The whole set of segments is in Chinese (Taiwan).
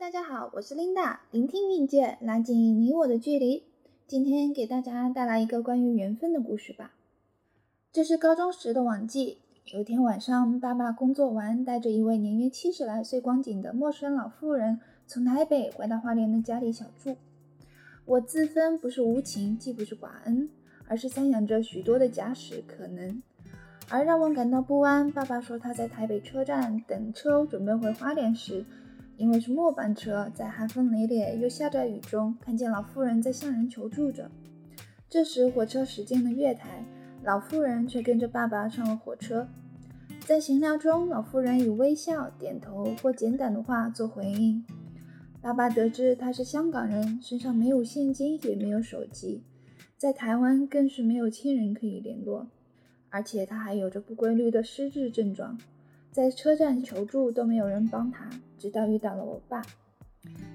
大家好，我是 Linda，聆聽遇見，拉近你我的距離。今天給大家帶來一個關於緣分的故事吧。這是高中時的往記。有天晚上，爸爸工作完，帶着一位年約七十來歲光景的陌生老婦人，從台北回到花蓮的家裡小住。我自問不是無情，既不是寡恩，而是散想，想着許多的假使可能，而讓我感到不安。爸爸說他在台北車站等車，準備回花蓮時。因為是末班車，在寒風凛冽又下着雨中，看見老婦人在向人求助着。這時火車駛進了月台，老婦人卻跟着爸爸上了火車。在閒聊中，老婦人以微笑、點頭或簡短的話做回應。爸爸得知她是香港人，身上沒有現金，也沒有手機，在台灣更是沒有親人可以聯絡，而且她還有着不規律的失智症狀。在車站求助都沒有人幫她，直到遇到了我爸。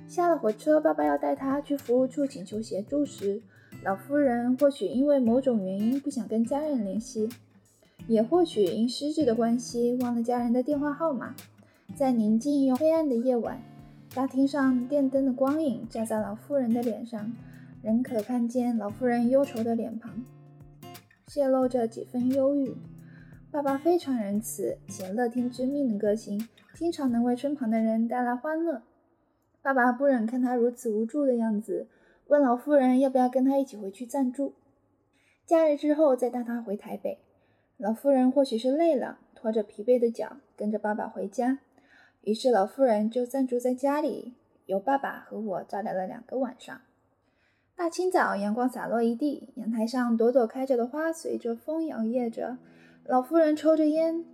下了火車，爸爸要帶她去服務處請求協助時，老婦人或許因為某種原因不想跟家人聯繫，也或許因失智的關係忘了家人的電話號碼。在寧靜又黑暗的夜晚，大廳上電燈的光影照在老婦人的臉上，仍可看見老婦人憂愁的臉龐，泄露着幾分憂鬱。爸爸非常仁慈且樂天知命的個性，經常能為身旁的人帶來歡樂。爸爸不忍看他如此無助的樣子，問老婦人要不要跟他一起回去暫住，假日之後再帶他回台北。老婦人或許是累了，拖着疲憊的腳跟着爸爸回家。於是老婦人就暫住在家裡，由爸爸和我照料了兩個晚上。大清早，陽光灑落一地，陽台上朵朵開着的花隨着風搖曳着。老夫人抽着煙，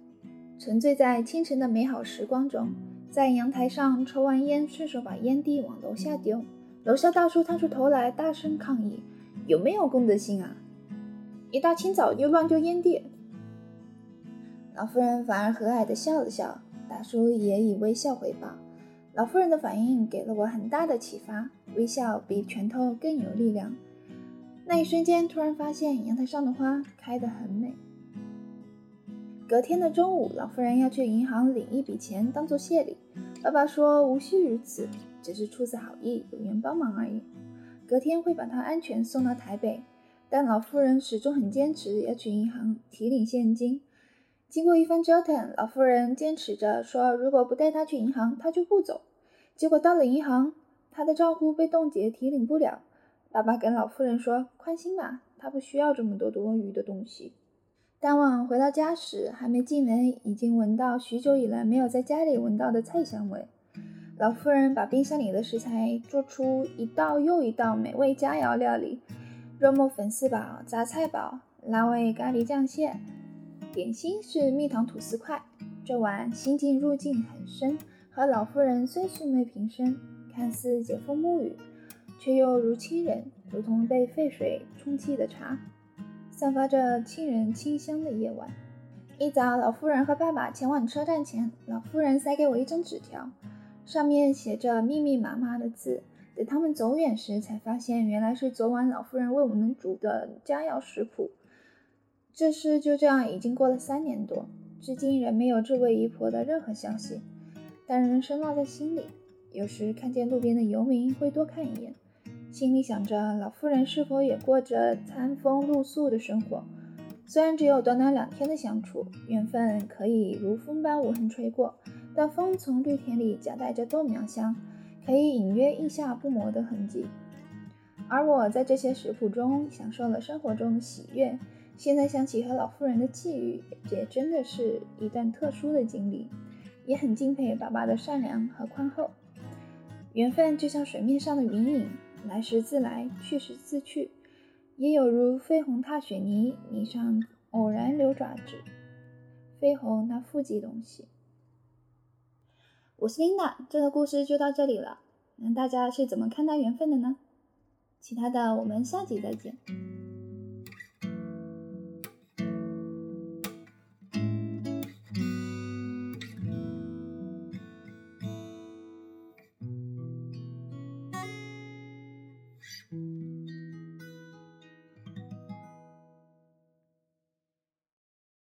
沉醉在清晨的美好時光中，在陽台上抽完煙，順手把煙蒂往樓下丟。樓下大叔探出頭來，大聲抗議：“有沒有公德心啊？一大清早就亂丟煙蒂！”老夫人反而和藹地笑了笑，大叔也以微笑回報。老夫人的反應給了我很大的啟發：微笑比拳頭更有力量。那一瞬間，突然發現陽台上的花開得很美。隔天的中午，老婦人要去銀行領一筆錢，當做謝禮。爸爸說無需如此，只是出自好意，有緣幫忙而已。隔天會把他安全送到台北，但老婦人始終很堅持要去銀行提領現金。經過一番折騰，老婦人堅持着說，如果不帶他去銀行，他就不走。結果到了銀行，他的賬戶被凍結，提領不了。爸爸跟老婦人說，寬心吧，他不需要這麼多多餘的東西。當晚回到家時，還沒進門，已經聞到許久以來沒有在家裡聞到的菜香味。老夫人把冰箱裡的食材做出一道又一道美味佳餚料理：肉末粉絲煲、雜菜煲、辣味咖喱醬蟹。點心是蜜糖吐司塊。這碗心境入境很深，和老夫人雖素昧平生，看似姐夫母女，卻又如親人，如同被沸水沖沏的茶。散發着沁人清香的夜晚，一早老婦人和爸爸前往車站前，老婦人塞給我一張紙條，上面寫着密密麻麻的字。等他們走遠時，才發現原來是昨晚老婦人為我們煮的佳肴食譜。這事就這樣，已經過了三年多，至今仍沒有這位姨婆的任何消息。但仍深烙在心裡，有時看見路邊的遊民，會多看一眼。心裡想着，老婦人是否也過着餐風露宿的生活？雖然只有短短兩天的相處，緣分可以如風般無痕吹過，但風從綠田裡夾帶着豆苗香，可以隱約印下不磨的痕跡。而我在這些食譜中享受了生活中的喜悅，現在想起和老婦人的際遇，也真的是一段特殊的經歷，也很敬佩爸爸的善良和寬厚。緣分就像水面上的雲影。來時自來，去時自去，也有如飛鴻踏雪泥，泥上偶然留指爪。飛鴻那復計東西。我是 Linda，這個故事就到這裡了。那大家是怎麼看待緣分的呢？其他的我們下集再見。